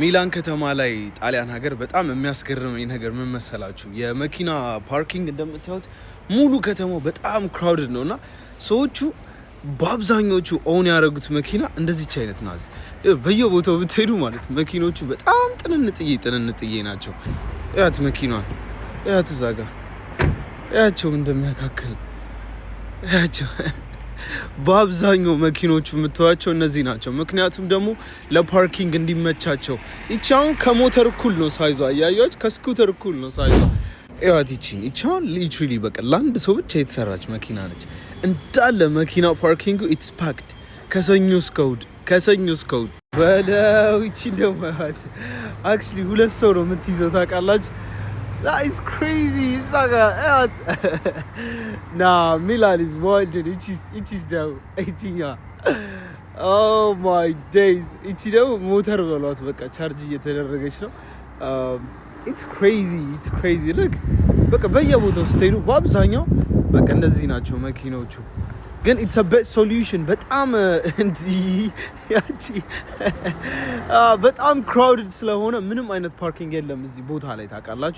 ሚላን ከተማ ላይ ጣሊያን ሀገር በጣም የሚያስገርመኝ ነገር ምን መሰላችሁ? የመኪና ፓርኪንግ እንደምታዩት ሙሉ ከተማው በጣም ክራውድድ ነው እና ሰዎቹ በአብዛኞቹ ኦውን ያደረጉት መኪና እንደዚች አይነት ናት። በየቦታው ብትሄዱ ማለት መኪኖቹ በጣም ጥንንጥዬ ጥንንጥዬ ናቸው። እያት መኪኗን እያት እዛ ጋ እንደሚያካክል እያቸው በአብዛኛው መኪኖቹ የምትዋቸው እነዚህ ናቸው። ምክንያቱም ደግሞ ለፓርኪንግ እንዲመቻቸው። ይቺ አሁን ከሞተር እኩል ነው ሳይዟ፣ እያያች ከስኩተር እኩል ነው ሳይዟ። እዋት ይቺን ይቺ አሁን ሊትራሊ በቃ ለአንድ ሰው ብቻ የተሰራች መኪና ነች። እንዳለ መኪና ፓርኪንጉ ኢትስ ፓክድ ከሰኞ እስከ እሑድ ከሰኞ እስከ እሑድ በለው። ይቺን ደግሞ አክቹዋሊ ሁለት ሰው ነው የምትይዘው ታውቃላችሁ That is crazy. It's like a earth. nah, Milan is wilding. It is it is the 18 year. Oh my days. እቺ ደግሞ ሞተር በሏት በቃ ቻርጅ እየተደረገች ነው። ኢትስ ክሬዚ ኢትስ ክሬዚ ልክ በቃ በየቦታው ስትሄዱ በአብዛኛው በቃ እነዚህ ናቸው መኪኖቹ። ግን ኢትስ ቤት ሶሉሽን በጣም በጣም ክራውድድ ስለሆነ ምንም አይነት ፓርኪንግ የለም እዚህ ቦታ ላይ ታውቃላችሁ።